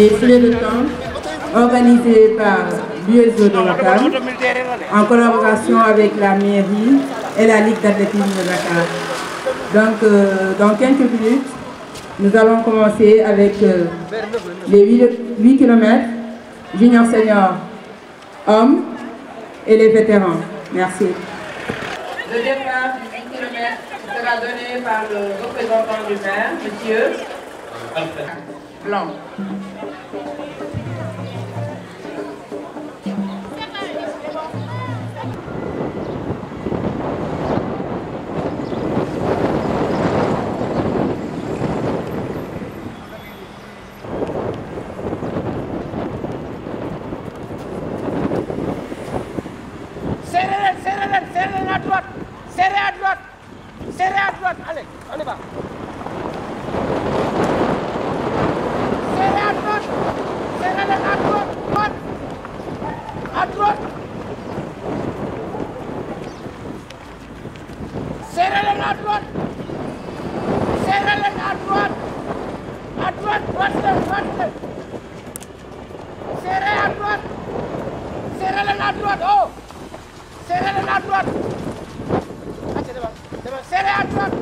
Et c'est de temps organisé par l'USO de Dakar en collaboration avec la mairie et la Ligue d'athlétisme de Dakar. Donc, euh, dans quelques minutes, nous allons commencer avec euh, les 8, 8 km junior senior hommes et les vétérans. Merci. Le départ du 8 km sera donné par le représentant du maire, monsieur Blanc. Atlas, Atlas, Atlas. Serré à droite. Serrez la à droite. Oh. Serrez la à droite. Ah, c'est devant. Devant. Serrez à droite.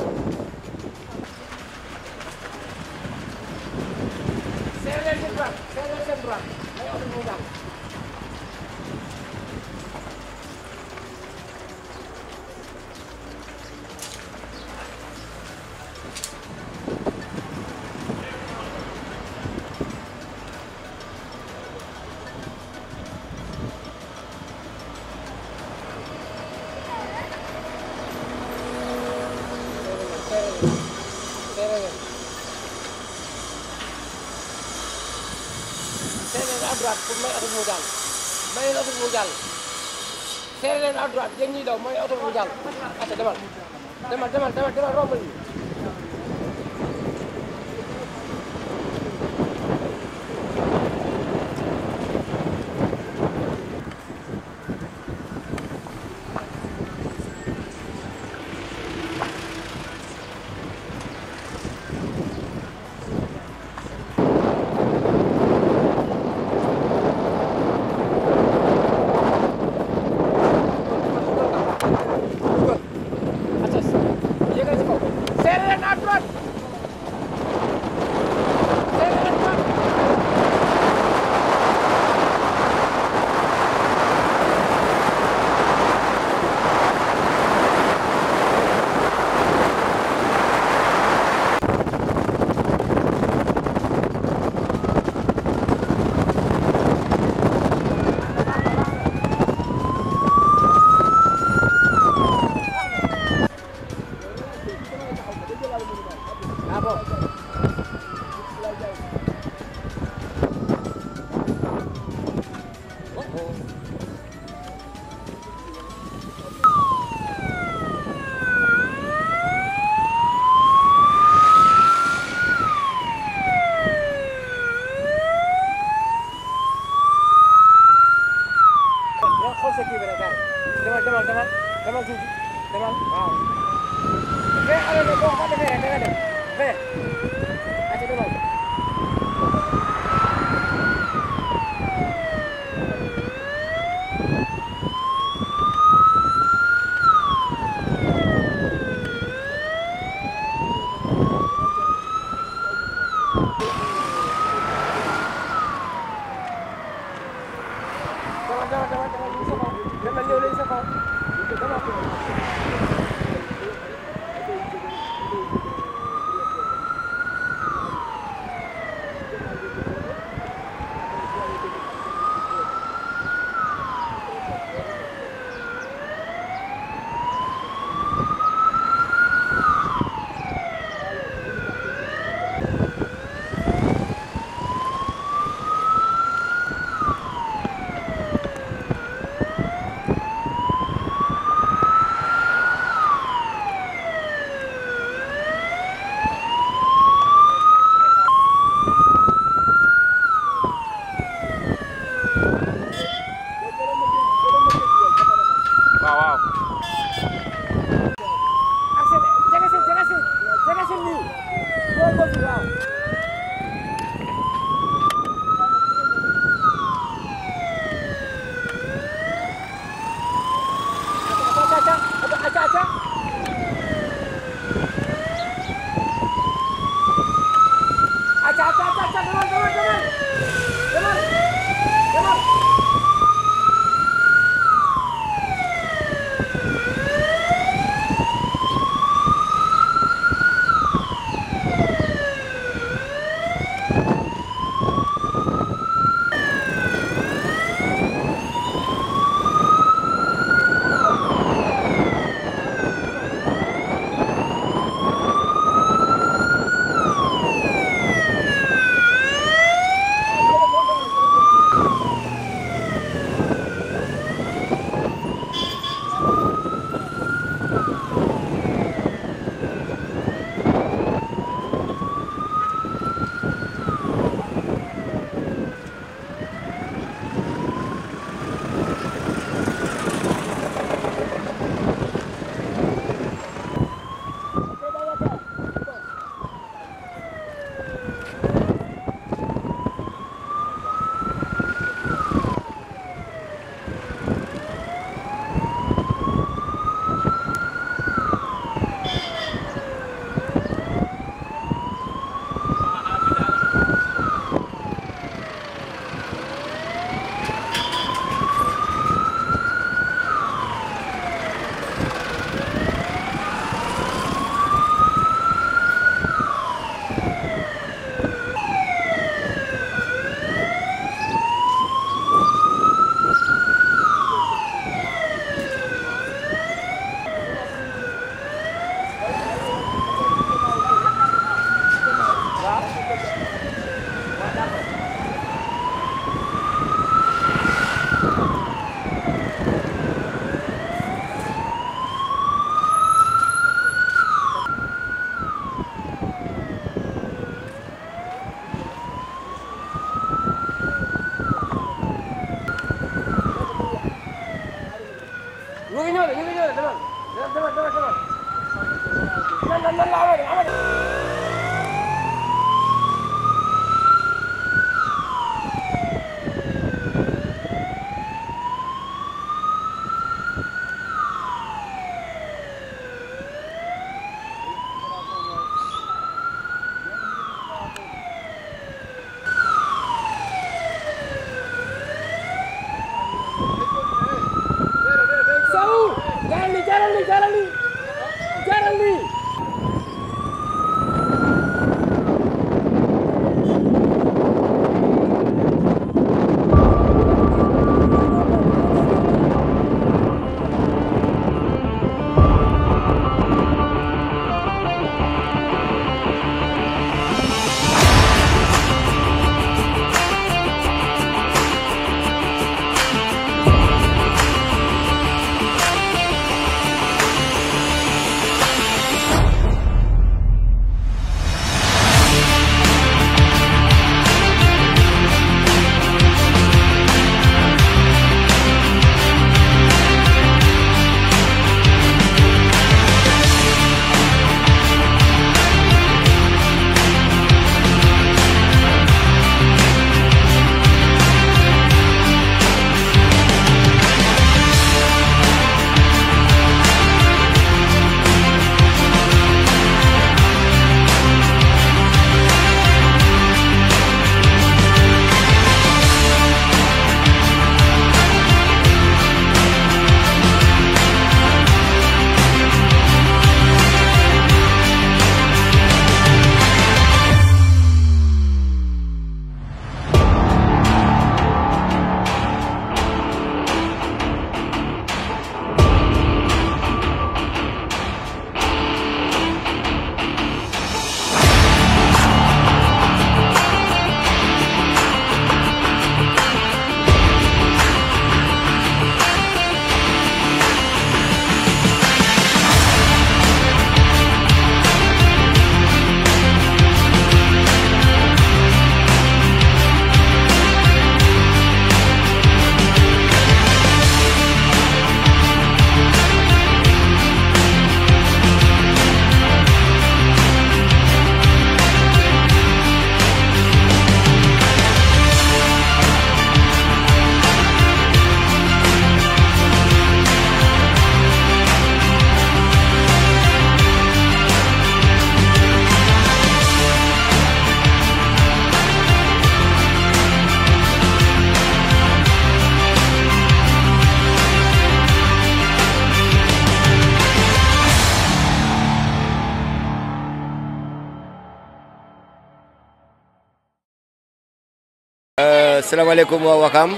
salaamaaleykum wa Wakam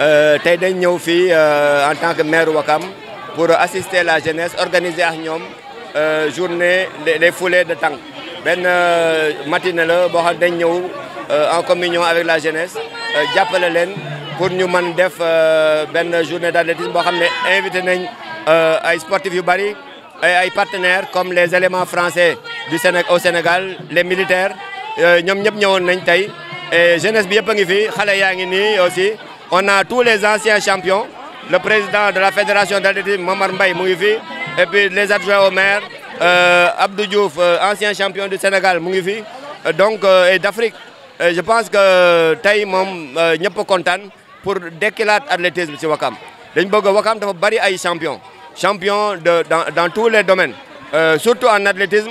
euh, tay dañ ñëw fii euh, en tant que maire Wakam pour assister la jeunesse organiser ak ñoom euh, journée des foulées de tank Ben matinée la boo xam dañ en communion avec la jeunesse jappalé len pour ñu mën def ben journée d'athlétisme bo xamné invité nañ ay sportifs yu bari ay partenaires comme les éléments français du Sénégal au Sénégal les militaires ñom ñep ñëwoon nañ tay et jeunesse bien aussi. On a tous les anciens champions, le président de la fédération d'athlétisme Mamar Mbaye et puis les adjoints au maire, euh, Abdou Diouf, euh, ancien champion du Sénégal Mouifi, euh, donc et d'Afrique. Je pense que nous sommes pas content pour déclarer l'athlétisme sur Wakam dañ Wakam dafa champion champion dans tous les domaines surtout en athlétisme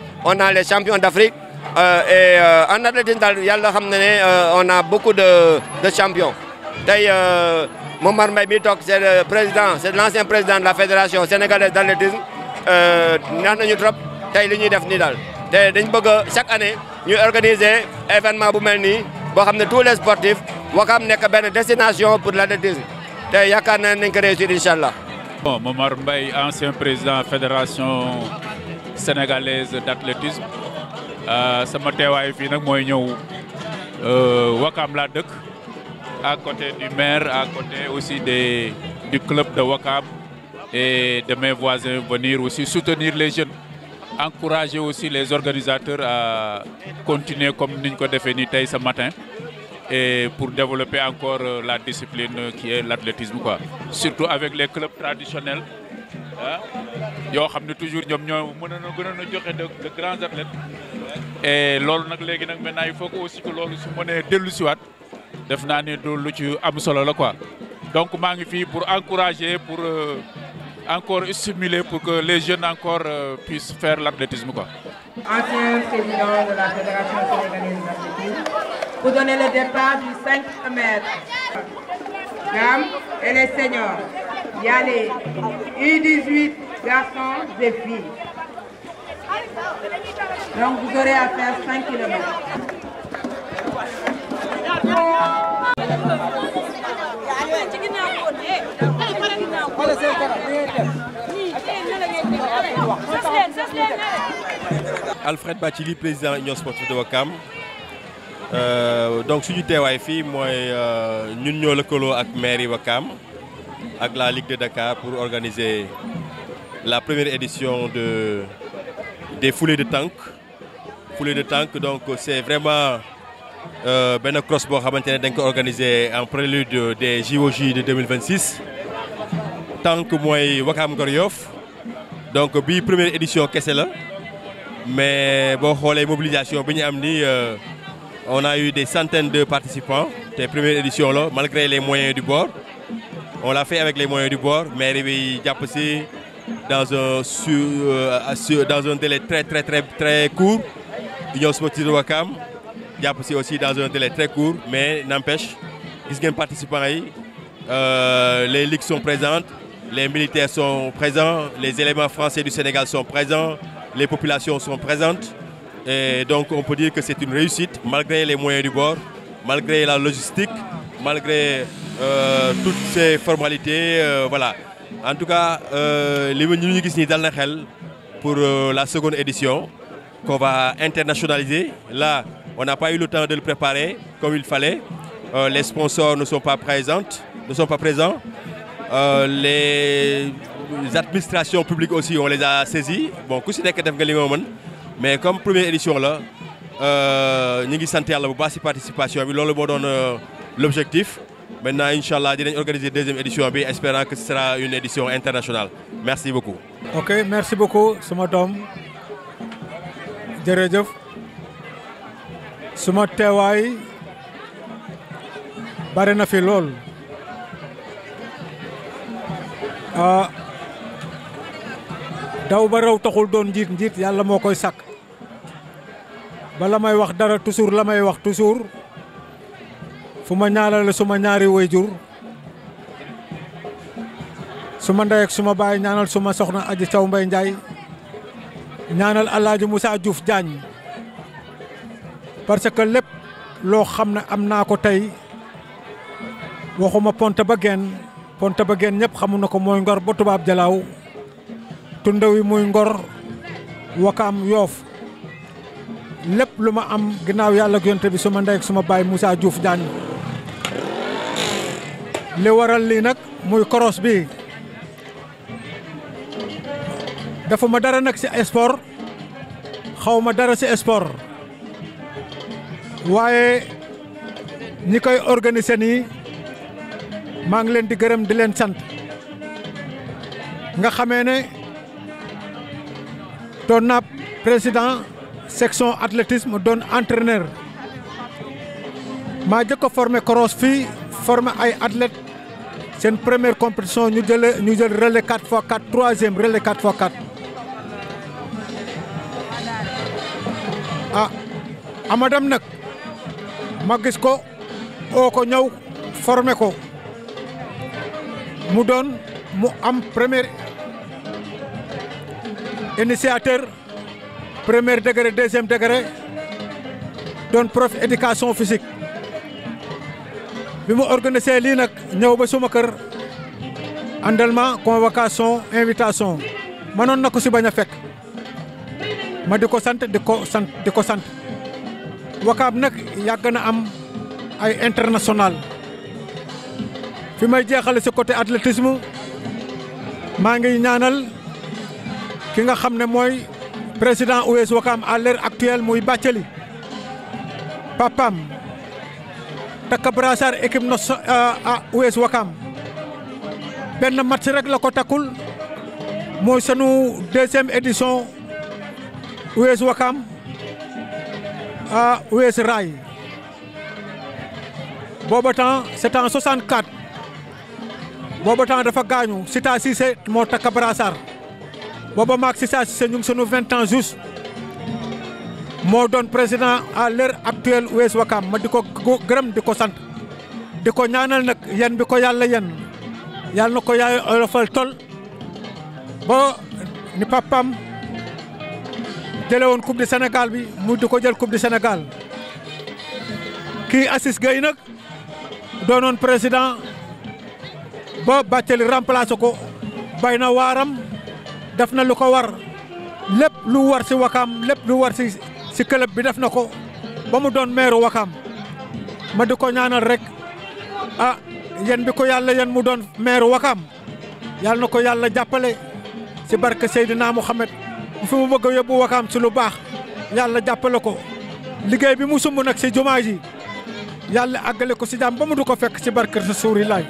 on a les champions d'Afrique. Euh, et euh, en athlétisme euh, on a beaucoup de de champions D'ailleurs, Momar Mbaye mi c'est le président c'est l'ancien président de la fédération sénégalaise d'athlétisme Nous nañu trop tey li def chaque année nous organiser événement bu pour tous les sportifs pour une benn destination pour l'athlétisme Nous avons naa nañ ko bon Momar Mbaye ancien président fédération sénégalaise d'athlétisme Ce matin, Wacam suis Wakam à côté du maire à côté aussi des du club de Wakam et de mes voisins venir aussi soutenir les jeunes encourager aussi les organisateurs à continuer comme nous ko défini ce matin et pour développer encore euh, la discipline qui est l'athlétisme surtout avec les clubs traditionnels ah yoo xam toujours ñom ñoo mën a gënoon a joxe de grands athlètes et lool nak légui nak maintenant il faut aussi que loolu su mënee dellu siwaat def na né do lu ci am solo la quoi donc ma ngi fi pour encourager pour euh, encore stimuler pour que les jeunes encore euh, puissent faire l'athlétisme quoi. Ancien président de la Fédération sénégalaise d'athlétisme, vous donnez le départ du 5 mètres. Gamme et les seniors. Il y a les 18 garçons et filles. Donc vous aurez à faire 5 km. Alfred Batili président l'Union sportive de Wakam euh, donc si wifi, nous fi mooy euh, ñun le colo avec Marie Wakam avec la Ligue de Dakar pour organiser la première édition de, des foulées de tank. Foulées de tank, donc c'est vraiment euh, ben cross organisé en prélude des JOJ de 2026. Tank moi Wakam Goryov donc première édition qu'est-ce-là mais pour les mobilisation euh, on a eu des centaines de participants des première édition là, malgré les moyens du bord on l'a fait avec les moyens du bord, mais il y a aussi dans un, euh, sur, dans un délai très très très très court. Il y a aussi dans un délai très court, mais n'empêche, il y a participants. Euh, les ligues sont présentes, les militaires sont présents, les éléments français du Sénégal sont présents, les populations sont présentes. Et donc on peut dire que c'est une réussite malgré les moyens du bord, malgré la logistique, malgré euh, toutes ces formalités euh, voilà en tout cas euh, les ñu pour la seconde édition qu'on va internationaliser là on n'a pas eu le temps de le préparer comme il fallait les sponsors ne sont pas présents ne sont pas présents les administrations publiques aussi on les a saisis bon c'est mais comme première édition là... ñu ngi participation bi l'objectif Maintenant, Inch'Allah, nous organiser la deuxième édition, espérant que ce sera une édition internationale. Merci beaucoup. Ok, merci beaucoup, Suma Tom. Djerejeuf. Suma Tewai. Barena Filol. Ah, daw ba raw taxul doon njiit a le mot koy sàkk ba la wax dara toujours la may wax toujours fu ma ñaanale suma ñaari wayjur suma ndey ak suma baay ñaanal suma soxna aji caw mbay njaay ñaanal alaaji Moussa Diouf Diagne parce que lépp loo xam ne am naa ko tey waxuma ponte ba genn ponte ba genn ñëpp xamu na ko mooy ngor ba tubaab jalaaw tunde wi muy ngor wakaam yoof lépp lu ma am ginnaaw yàlla ak yonte bi suma ndey ak suma baay Moussa Diouf Diagne li waral lii nag muy koros bi dafa ma dara nag ci sport xawma dara ci sport waaye ñi koy organiser nii maa ngi leen di gërëm di leen sant nga xamee ne doon naa président section athlétisme doon entraîneur maa jëkk a formé cross fii formé ay athlète C'est une première compétition nous faisons le relais 4 x 4 troisième relais 4 x 4 ah madame Nak, ma gis ko oo ko premier initiateur premier degré deuxième degré donne prof éducation physique bi mu organisé lii nag ñëw ba suma kër àndal ma convocation invitation mënoon na ko si bañ a fekk ma di ko sant di ko sant di ko sant wakaab nag yàgg na am ay international fi may jeexale si côté athlétisme maa ngi ñaanal ki nga xam ne mooy président US Wakaam à l'heure actuelle muy bàccali papam takk brassard équipe nos a US Wakam benn match rek la ko takkul mooy sunu deuxième édition US Wakam a US Rail booba temps c'est en 64 booba temps dafa gaañu Sita Cissé moo takk brassard booba maak Sita Cissé ñu ngi sunu 20 ans moo doon président à l'heure actuelle US Ouakam ma di ko gërëm di ko sant di ko ñaanal nag yan bi ko yàlla yan yàlla na ko yaay olofal tol ba ni papam jële woon coupe senegal bi mu di ko jël coupe du Sénégal kii Assis Gueye nag doonoon président ba Bathily remplacé ko bay na waaram def na lu ko war lépp lu war si Ouakam lépp lu war si ci club bi def nako ba mu don maire Wakam ma diko ñaanal rek ah yéen bi ko mudon yéen mu don maire Wakam yalla nako yalla yàlla ci barke sayyidina Mouhamed fu mu bëgg yobbu Wakam sulubah, lu baax yalla jàppale ko liggéey bi mu sumb nak ci jumaaji yalla yàlla ko ci jàmm ba mu du fekk ci barke lay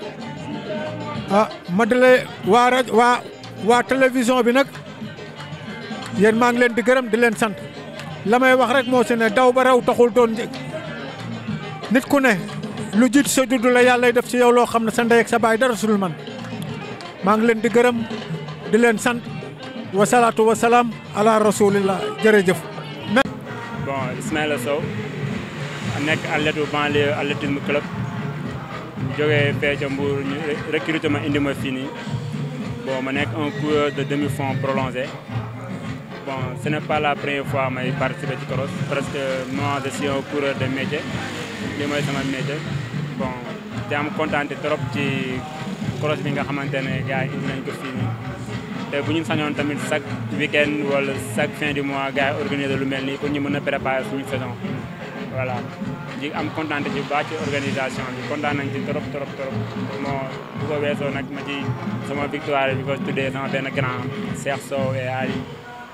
ah ma dale wa wa wa télévision bi nak ma ngi len di di len sante lamay wax rek moo si ne daw ba raw taxul doon njëg nit ku ne lu jiit sa judd la yàlla def si yow loo xam ne sa ndey sa baay dara sul man maa ngi leen di gërëm di leen sant wasalaatu wasalaam ala rasulillah jërëjëf. bon Ismaïla Sow nekk athlète banlieue athlétisme club jógee fee ca Mbour ñu recrutement indi ma fii nii bon ma nekk un coureur de demi fond prolongé. ce n'est pas la première fois que je participe à cross. Parce que moi, je suis un coureur de métier. Je suis métier. Bon, je suis content de trop cross fini chaque week-end chaque fin du mois gars organiser le melni pour saison voilà Je suis content de ba ci organisation suis content trop trop trop victoire grand et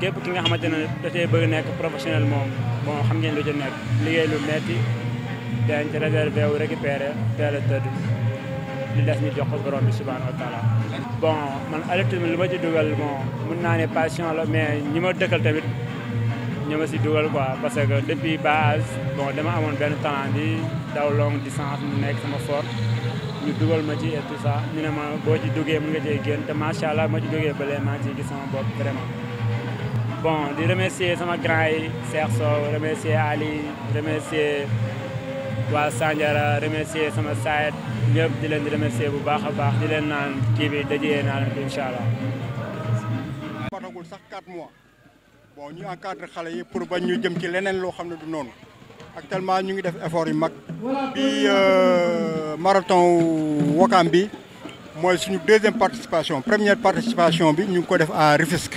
képp ki nga xamante ne dafay bëgg nekk professionnel moom bon xam ngeen lu ci nekk liggéey lu metti dañ ci réservé wu récupéré teel a tëdd li des ñu jox ko borom bi bon man athlétisme li ma ci dugal bon mun naa ne passion la mais ñi ma dëkkal tamit ñu ma si dugal quoi parce que depuis base bon dama amoon benn talent bi daw longue distance mu nekk sama fort ñu dugal ma ci et tout ça ñu ne ma boo ci dugee mun nga cee génn te allah ma ci duggee ba léegi maa ngi gis sama bopp vraiment. bon di remercier sama grand yi Cheikh Sow remercier Ali remercier waa Sandiara remercier sama sayet ñëpp di leen di remercier bu baax a baax di leen naan kii bi dajee naa leen incha allah. matagul sax 4 mois bon ñu encadré xale yi pour ba ñu jëm ci leneen loo xam ne du noonu actuellement ñu ngi def efort yu mag. bi euh, marathon Wakaam bi mooy suñu deuxième participation première participation bi ñu ngi ko def à Rufisque.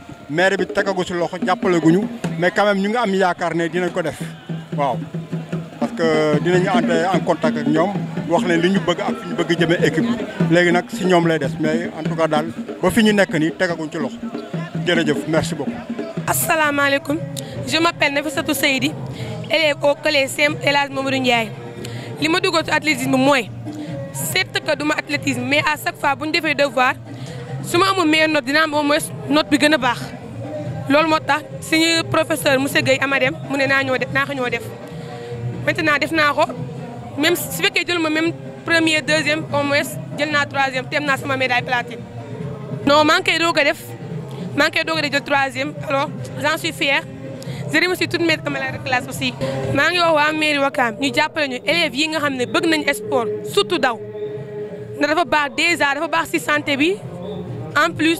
maire bi tegagu si loxo jàppale guñu mais quand même ñu ngi am yaakaar ne dinañ ko def waaw parce que dinañu entrer en contact ak ñoom wax leen li ñu bëgg ak fi ñu bëgg jëmee équipe bi léegi nag si ñoom lay des mais en tout cas daal ba fi ñu nekk nii tegaguñ ci loxo jërëjëf merci beaucoup. asalaamaaleykum je m'appelle Nafisatou Seydi élève au collège Saint El Hadj Mamadou Ndiaye li ma duggoon ci athlétisme mooy certes que du ma athlétisme mais à chaque fois bu ñu defee devoir su ma amul mee note dina am au not bi gën a baax. loolu moo tax suñu professeur monsieur Guèye Amadem mu ne naa ñoo def naa def maintenant def naa ko même su fekkee jël ma même premier deuxième au moins jël naa troisième teem naa sama médaille platine. non maa ngi koy doog a def maa ngi koy doog troisième alors j'en suis fier. je remercie toutes mes camarades de classe aussi. maa ngi wax waa mairie Wakaam ñu jàppale ñu élèves yi nga xam ne bëgg nañu sport surtout daw na dafa baax déjà dafa baax si santé bi en plus.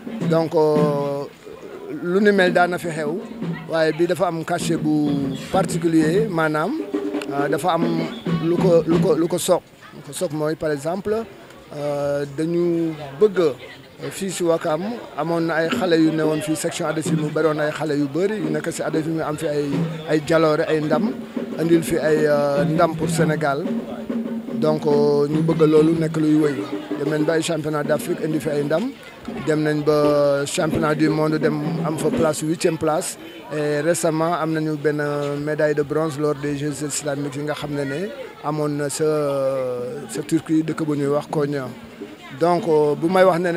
donc euh, lu ni mel daan na fi xew waaye bi dafa am cachet bu particulier maanaam euh, dafa am lu ko lu ko lu ko soog lu mooy par exemple euh, dañu bëgg fii si Wakam amoon na ay xale yu ne woon fii section ADECIM mu bëroon ay xale yu bëri yu nekk si ADECIM mu am fi ay ay jaloore ay ndam andil fi ay ndam pour Sénégal donc ñu bëgg loolu nekk luy wéy dem nañ championnat d'Afrique Afrique indi fi ay ndam dem nañ ba championnat du monde dem am fa place huitième place et récemment am nañu ben médaille de bronze lors des Jeux islamiques yi nga xam ne ne ce na Turquie de bu ñuy wax Konya donc euh, bu may wax ne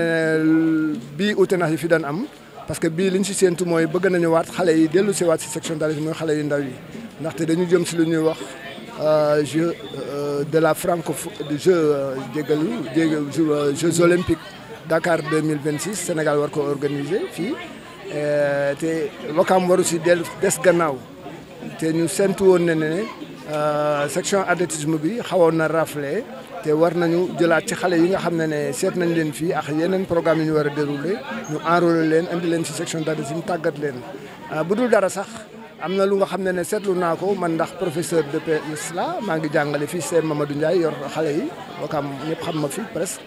bi bii utenax fi daan am parce que bi liñ ci sentu moy bëgg nañu wat xalé yi déllu ci wat ci section tarif mooy xale yu ndaw yi ndaxte dañu jëm ci lu ñuy wax Euh, jeu euh, de la francophonie du jeu euh, jégalu Jeux olympiques Dakar 2026 Sénégal war ko organiser fii te Wakaam waru si del des gannaaw te ñu sentu woon ne ne section athlétisme bi xawoon na rafle te war nañu jëlaat ci xale yi nga xam ne ne seet nañ leen fii ak yeneen programme yi ñu war a dérouler ñu enrôler leen indi leen si section d'athlétisme tàggat leen bu dul dara sax am na lu nga xam ne ne seetlu naa ko man ndax professeur de PS la maa ngi jàngale fii seen Mamadou Ndiaye yor xale yi kam ñëpp xam ma fi presque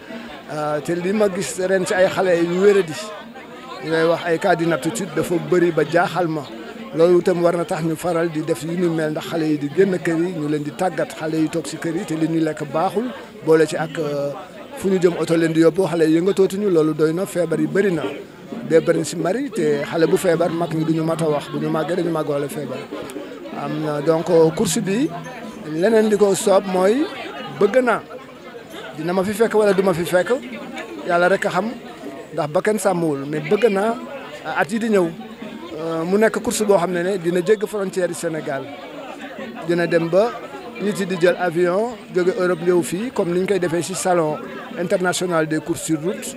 euh, te li ma gis ren ci ay xale yu wéradi ñu ngay wax ay cas d'inaptitude dafa bëri ba jaaxal ma loolu itam war na tax ñu faral di def yu ni mel ndax xale yi di génn kër yi ñu leen di tàggat xale yi toog si kër yi te li ñu lekk baaxul boole ci ak euh, fu ñu jëm oto leen di yóbbu xale yi yëngatootuñu loolu doy na feebar yi bëri na dee bëri si mari te xale bu feebar mag ñi du ñu mat a wax bu ñu màggee ñu màgg wala feebar am na donc course bi leneen di ko soob mooy bëgg naa dina ma fi fekk wala du ma fi fekk yàlla rek a xam ndax ba kenn sàmmwul mais bëgg naa ah, at yi di ñëw euh, mu nekk course boo xam ne ne dina jeg frontière yi Sénégal dina dem ba nit yi di jël avion jóge Europe ñëw fii comme ni ñu koy defee si salon international des courses sur route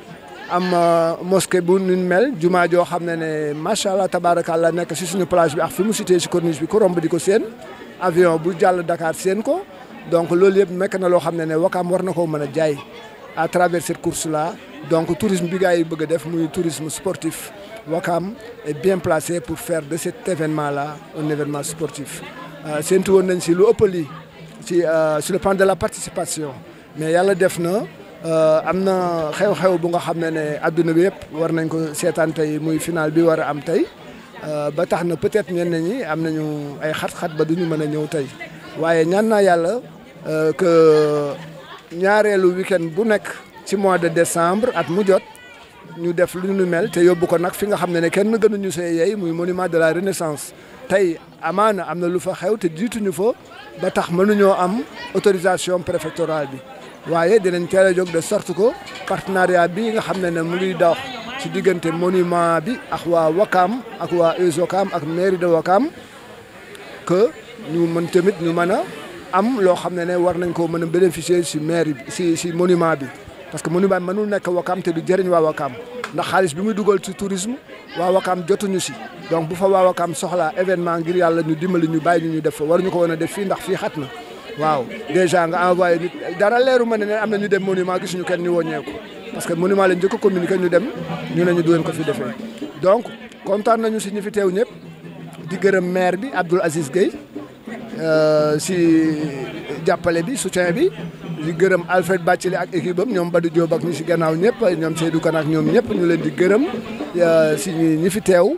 am euh, mosquée bu ñu mel jumaa jo xam ne ne tabarakallah nek ci suñu plage bi ak fi mu cité ci corniche bi ko romb diko seen avion bu jall Dakar seen ko donc loolu yëpp mekk na loo xam ne ne Wakaam war na mën a jaay à travers cette course là donc tourisme bi gars yi bëgg def muy tourisme sportif wakam est bien placé pour faire de cet événement là un événement sportif euh, séntu woon nañ si lu ëpp lii ci euh, sur le plan de la participation mais yàlla def na. Euh, am na xew-xew bu nga xam ne ne adduna bi yëpp war nañ ko seetaan tey muy final bi war a am tey euh, ba tax na peut-être ñenn ñi am nañu ay xat-xat ba duñu mën a ñëw tey waaye ñaan naa yàlla euh, que ñaareelu week bu nekk ci mois de décembre at mu jot ñu def lu ñu mel te yóbbu ko nag fi nga xam ne ne kenn gënuñu see yey muy monument de la renaissance tey amaana am na lu fa xew te jiituñu fo ba tax mënuñoo am autorisation préfectorale bi waaye dinañ teel a jóg de sorte que partenariat bi nga xam ne ne mu ngi dox ci diggante monument bi ak waa Wakaam ak waa Oussokam ak mairie de Wakaam que ñu mën tamit ñu mën a am loo xam ne ne war nañ koo mën a bénéficier si mairie bi si si monument bi parce que monument bi mënul nekk Wakaam te du jëriñ waa Wakaam ndax xaalis bi muy dugal ci tourisme waa Wakaam jotuñu si donc bu fa waa Wakaam soxlaa événement ngir yàlla ñu dimbali ñu bàyyi ñu ñu def fa waruñu ko woon a def fii ndax fii xat na waaw déjà nga envoyé nit dara leeru ma ne na am na ñu dem monument gisuñu kenn ñu wàññeeku parce que monument lañ njëkk a communiqué ñu dem ñu ne ñu du leen ko fi defee donc kontaan nañu si ñu fi teew ñëpp di gërëm maire bi Abdoul Aziz Gueye euh, si jàppale bi soutien bi di gërëm Alfred Bathily ak équipe am ñoom Badou Diop ak ñu si gannaaw ñëpp ñoom Seydou Kan ak ñoom ñëpp ñu leen di gërëm euh, si ñi fi teew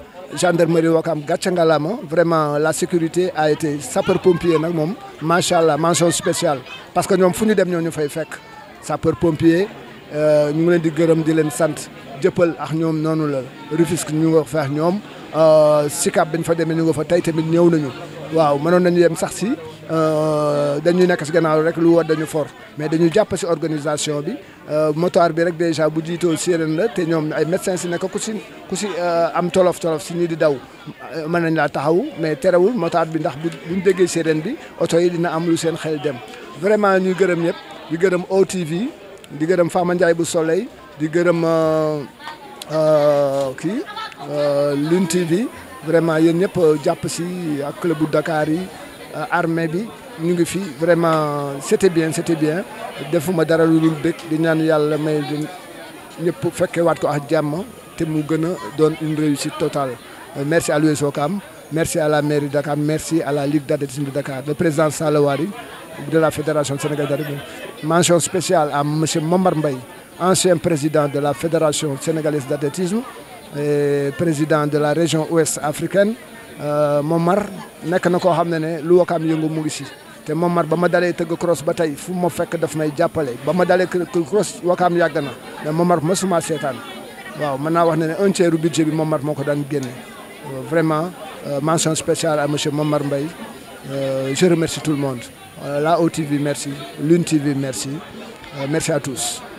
gendarmerie Wakam gàcce vraiment la sécurité a été sapeur pompier nak mom machallah allah mention spéciale parce que ñom fuñu dem ñoo ñu fay fekk sapeur pompier euh ñu ngi leen di gërëm di leen sante jëppal ak ñom nonu la Rufisque ñu wax fex ñom euh sikap biñ fa demee ñu nga fa tay tamit ñew nañu waaw mënon nañu yem sax si. Euh, dañuy nekk si gannaaw rek lu war dañu for mais dañu jàpp si organisation bi euh, motoir bi rek déjà bu jiitoo séeréer la te ñoom ay médecins si nekk ku si ku euh, am tolof tolof si ñi di daw mën nañ laa taxaw mais terewul motoir bi ndax bu buñ déggee séeréer bi oto yi dina am lu seen xel dem vraiment ñuy gërëm ñëpp di gërëm OTV di gërëm Fama Ndiaye bu Soleil di gërëm kii Lune TV vraiment yéen ñëpp jàpp si ak club bu dakaar yi. Euh, armée bi vraiment c'était bien c'était bien defuma di ñaan may ko une réussite totale euh, merci à l'USOCAM merci à la mairie de Dakar merci à la Ligue d'athlétisme de Dakar le président Salawari de la Fédération Sénégal d'athlétisme mention spéciale à M. Momar Mbaye ancien président de la Fédération sénégalaise d'athlétisme et président de la région ouest africaine euh, Momar nekk na koo xam ne ne lu wakaam yëngu mu ngi si te Momar ba ma dalee tëgg cross ba tey fu ma fekk daf may jàppale ba ma dalee cross wakaam yàgg na mais Momar masuma seetaan waaw mën naa wax ne ne un tiers du budget bi Momar moo ko daan génne euh, vraiment euh, mention spéciale à monsieur Momar Mbaye euh, je remercie tout le monde la OTV merci Lune TV merci merci à tous